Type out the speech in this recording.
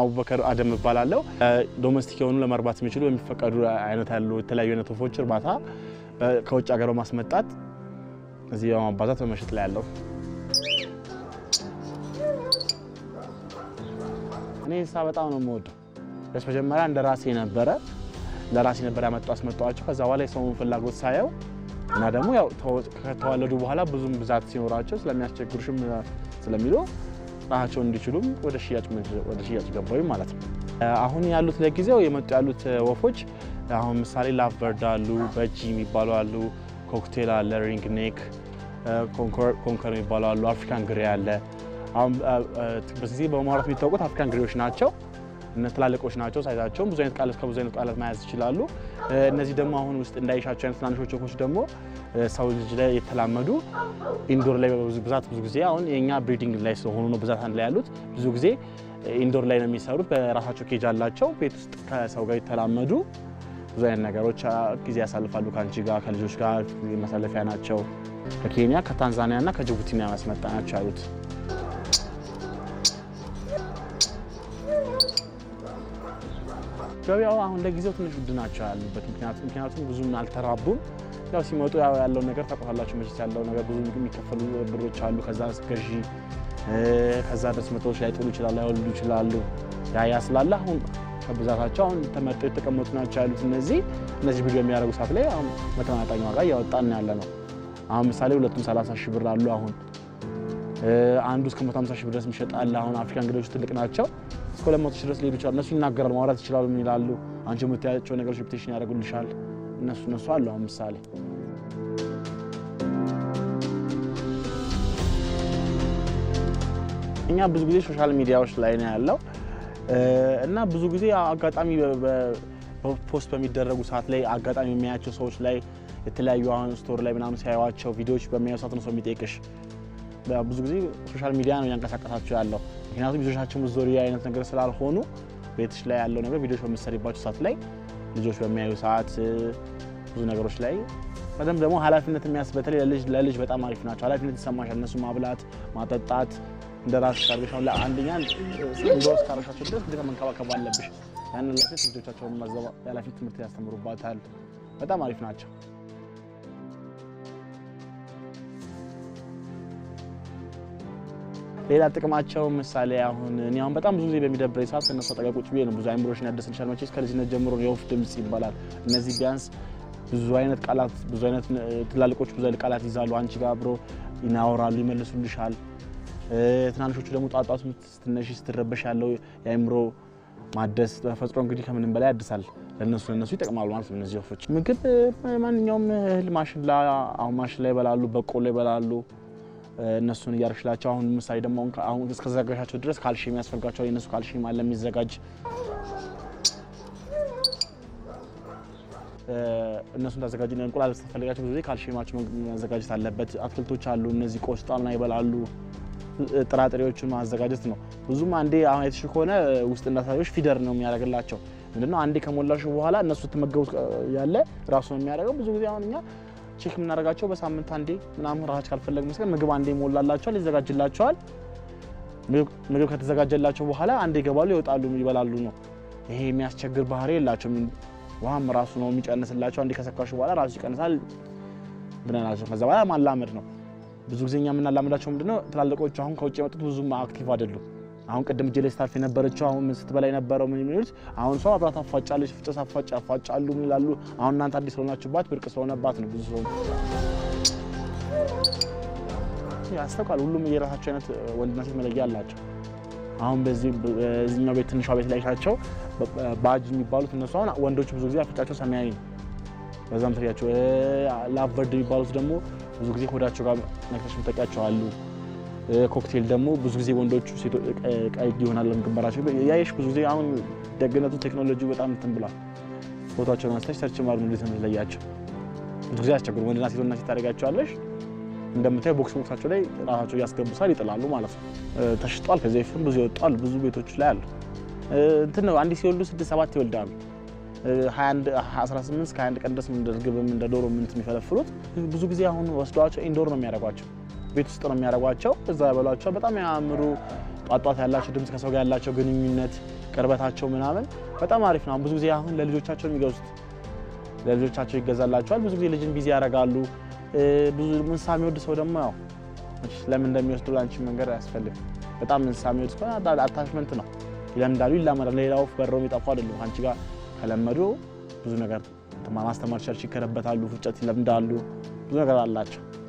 አቡበከር አደም እባላለሁ። ዶሜስቲክ የሆኑ ለማርባት የሚችሉ የሚፈቀዱ አይነት ያሉ የተለያዩ አይነት ወፎች እርባታ ከውጭ ሀገር በማስመጣት እዚህ በማባዛት በመሸጥ ላይ ያለው እኔ እንስሳ በጣም ነው የምወደው። ደስ መጀመሪያ እንደ ራሴ ነበረ ለራሴ ነበር ያመጡ አስመጣዋቸው። ከዛ በኋላ የሰውን ፍላጎት ሳየው እና ደግሞ ያው ከተዋለዱ በኋላ ብዙም ብዛት ሲኖራቸው ስለሚያስቸግሩሽም ስለሚሉ ስራቸውን እንዲችሉም ወደ ሽያጭ ገባዩ ማለት ነው። አሁን ያሉት ለጊዜው የመጡ ያሉት ወፎች አሁን ምሳሌ ላቭበርድ አሉ፣ በጂ የሚባሉ አሉ፣ ኮክቴል አለ፣ ሪንግ ኔክ ኮንከር የሚባሉ አሉ፣ አፍሪካን ግሬ አለ። አሁን በዚህ በማውራት የሚታወቁት አፍሪካን ግሬዎች ናቸው። እነ ትላልቆች ናቸው። ሳይዛቸውም ብዙ አይነት ቃላት ከብዙ አይነት ቃላት መያዝ ይችላሉ። እነዚህ ደግሞ አሁን ውስጥ እንዳይሻቸው አይነት ትናንሾች ወፎች ደግሞ ሰው ልጅ ላይ የተላመዱ ኢንዶር ላይ ብዛት ብዙ ጊዜ አሁን የኛ ብሪዲንግ ላይ ስለሆኑ ነው ብዛት አንድ ላይ ያሉት ብዙ ጊዜ ኢንዶር ላይ ነው የሚሰሩት። በራሳቸው ኬጅ አላቸው። ቤት ውስጥ ከሰው ጋር የተላመዱ ብዙ አይነት ነገሮች ጊዜ ያሳልፋሉ። ከአንቺ ጋር ከልጆች ጋር ማሳለፊያ ናቸው። ከኬንያ ከታንዛኒያ እና ከጅቡቲ ነው ናቸው ያሉት። ገበያው አሁን ለጊዜው ትንሽ ውድ ናቸው ያሉበት ምክንያቱ ምክንያቱም ብዙም አልተራቡም። ያው ሲመጡ ያው ያለው ነገር ተቆላላቸው መቼስ ያለው ነገር ብዙ የሚከፈሉ ብሮች አሉ። ከዛ ገዢ ከዛ ድረስ መቶዎች ላይጥሉ ይችላሉ፣ ላይወልዱ ይችላሉ። ያ ያ ስላለ አሁን ከብዛታቸው አሁን ተመርጦ የተቀመጡ ናቸው ያሉት እነዚህ እነዚህ ብሎ የሚያደርጉ ሰዓት ላይ አሁን መተናጣኝ ዋጋ እያወጣን ያለ ነው። አሁን ምሳሌ ሁለቱም 30 ሺህ ብር አሉ። አሁን አንዱ እስከ 150 ሺህ ብር ድረስ የሚሸጥ አሁን አፍሪካ እንግዶች ትልቅ ናቸው እስከ ሁለት መቶ ሺህ ድረስ ሊሄዱ ይችላል። እነሱ ይናገራሉ፣ ማውራት ይችላሉ፣ ምን ይላሉ፣ አንቺ የምትያቸው ነገሮች ሪፒቴሽን ያደርጉልሻል። እነሱ እነሱ አሉ። አሁን ምሳሌ እኛ ብዙ ጊዜ ሶሻል ሚዲያዎች ላይ ነው ያለው እና ብዙ ጊዜ አጋጣሚ ፖስት በሚደረጉ ሰዓት ላይ አጋጣሚ የሚያያቸው ሰዎች ላይ የተለያዩ አሁን ስቶሪ ላይ ምናምን ሲያዩዋቸው ቪዲዮዎች በሚያዩ ሰዓት ነው ሰው የሚጠይቅሽ ብዙ ጊዜ ሶሻል ሚዲያ ነው እያንቀሳቀሳቸው ያለው። ምክንያቱም ልጆቻችን ዙሪ አይነት ነገር ስላልሆኑ ቤትሽ ላይ ያለው ነገር ቪዲዮች በምሰሪባቸው ሰዓት ላይ ልጆች በሚያዩ ሰዓት ብዙ ነገሮች ላይ በደንብ ደግሞ ኃላፊነት የሚያስ በተለይ ለልጅ በጣም አሪፍ ናቸው። ኃላፊነት ይሰማሻል። እነሱ ማብላት፣ ማጠጣት እንደ ራስሽ አድርገሽ አሁን ለአንደኛ እንደውስ ካረሻቸው ድረስ እንደ መንከባከብ አለብሽ። ያንን ለፊት ልጆቻቸውን መዘባ የኃላፊነት ትምህርት ያስተምሩባታል። በጣም አሪፍ ናቸው። ሌላ ጥቅማቸው ምሳሌ አሁን እኔ አሁን በጣም ብዙ ጊዜ በሚደብረ ሰዓት ከእነሱ አጠገብ ቁጭ ብዬ ነው ብዙ አይምሮሽን ያደስልሻል። መቼስ ከልጅነት ጀምሮ የወፍ ድምፅ ይባላል። እነዚህ ቢያንስ ብዙ አይነት ቃላት ብዙ አይነት ትላልቆች ብዙ አይነት ቃላት ይዛሉ። አንቺ ጋር አብሮ ይናወራሉ፣ ይመልሱልሻል። ትናንሾቹ ደግሞ ጧጧቱ ስትነሽ ስትረበሽ ያለው የአይምሮ ማደስ ተፈጥሮ እንግዲህ ከምንም በላይ ያድሳል። ለነሱ ለነሱ ይጠቅማሉ ማለት ነው። እነዚህ ወፎች ምግብ ማንኛውም እህል ማሽላ፣ አሁን ማሽላ ይበላሉ፣ በቆሎ ይበላሉ። እነሱን እያረሽላቸው አሁን ምሳሌ ደግሞ አሁን እስከዘጋሻቸው ድረስ ካልሽም ያስፈልጋቸዋል። የእነሱ ካልሽም አለ የሚዘጋጅ እነሱን ታዘጋጅ። እንቁላል ስትፈልጋቸው ጊዜ ካልሽማቸው መዘጋጀት አለበት። አትክልቶች አሉ፣ እነዚህ ቆስጣ ይበላሉ። ጥራጥሬዎችን ማዘጋጀት ነው። ብዙም አንዴ አሁን ከሆነ ውስጥ እንዳሳዎች ፊደር ነው የሚያደርግላቸው ምንድነው አንዴ ከሞላሹ በኋላ እነሱ ትመገቡት ያለ ራሱ ነው የሚያደርገው። ብዙ ጊዜ አሁን እኛ ቼክ የምናደርጋቸው በሳምንት አንዴ ምናምን ራሳች ካልፈለግ መስገድ ምግብ አንዴ ይሞላላቸዋል፣ ይዘጋጅላቸዋል። ምግብ ከተዘጋጀላቸው በኋላ አንዴ ይገባሉ፣ ይወጣሉ፣ ይበላሉ ነው። ይሄ የሚያስቸግር ባህሪ የላቸውም። ውሃም ራሱ ነው የሚጨንስላቸው። አንዴ ከሰካሹ በኋላ ራሱ ይቀንሳል ብለናቸው ከዛ በኋላ ማላመድ ነው። ብዙ ጊዜ እኛ የምናላመዳቸው ምንድነው ትላልቆቹ አሁን ከውጭ የመጡት ብዙም አክቲቭ አይደሉም። አሁን ቅድም እጄ ላይ ስታርፍ የነበረችው አሁን ምን ስትበላ የነበረው ምን የሚሉት አሁን ሰው አብራት አፋጫለች፣ ፍጨስ አፋጭ ያፋጫሉ ምን ይላሉ። አሁን እናንተ አዲስ ስለሆናችሁባት ብርቅ ስለሆነባት ነው ብዙ ሰው ያስተውቃል። ሁሉም የራሳቸው አይነት ወንድና ሴት መለያ አላቸው። አሁን በዚህ በዚህኛው ቤት ትንሿ ቤት ላይ ሻቸው ባጅ የሚባሉት እነሱ አሁን ወንዶች ብዙ ጊዜ አፍንጫቸው ሰማያዊ ነው። በዛም ትሪያቸው ላቨርድ የሚባሉት ደግሞ ብዙ ጊዜ ሆዳቸው ጋር ነክተሽ ምጠቂያቸው አሉ። ኮክቴል ደግሞ ብዙ ጊዜ ወንዶች ቀይ ይሆናል ግንባራቸው። ያየሽ ብዙ ጊዜ አሁን ደግነቱ ቴክኖሎጂ በጣም እንትን ብሏል። ፎቶቸውን አንስተሽ ሰርች ማሩ እንዴት ለያቸው ብዙ ጊዜ አስቸግሩ። ወንድና ሴት ወንድና ሴት ታደርጋቸዋለሽ። እንደምታየው ቦክስ ቦክሳቸው ላይ ራሳቸው ያስገቡሳል፣ ይጥላሉ ማለት ነው። ተሽጧል። ከዚህ ፍም ብዙ ይወጣል። ብዙ ቤቶች ላይ አሉ። እንትን ነው አንዲት ሲወልዱ ስድስት ሰባት ይወልዳሉ። 18 ከ21 ቀን ድረስ እንደ ርግብም እንደ ዶሮ ምንት የሚፈለፍሉት ብዙ ጊዜ አሁን ወስደዋቸው ኢንዶር ነው የሚያደርጓቸው ቤት ውስጥ ነው የሚያደርጓቸው። እዛ ያበሏቸው። በጣም የሚያምሩ ጧጧት ያላቸው ድምፅ፣ ከሰው ጋር ያላቸው ግንኙነት፣ ቅርበታቸው ምናምን በጣም አሪፍ ነው። ብዙ ጊዜ አሁን ለልጆቻቸው የሚገዙት ለልጆቻቸው ይገዛላቸዋል። ብዙ ጊዜ ልጅን ቢዚ ያደርጋሉ። ብዙ እንስሳ የሚወድ ሰው ደግሞ ያው ለምን እንደሚወስዱ ለአንቺ መንገድ አያስፈልግም። በጣም እንስሳ የሚወድ ከሆነ አታችመንት ነው ይለምዳሉ፣ ይላመዳሉ። ሌላ ወፍ በረው የሚጠፉ አይደለም። አንቺ ጋር ከለመዱ ብዙ ነገር ማስተማር ቸርች ይከረበታሉ፣ ፍጨት ይለምዳሉ፣ ብዙ ነገር አላቸው።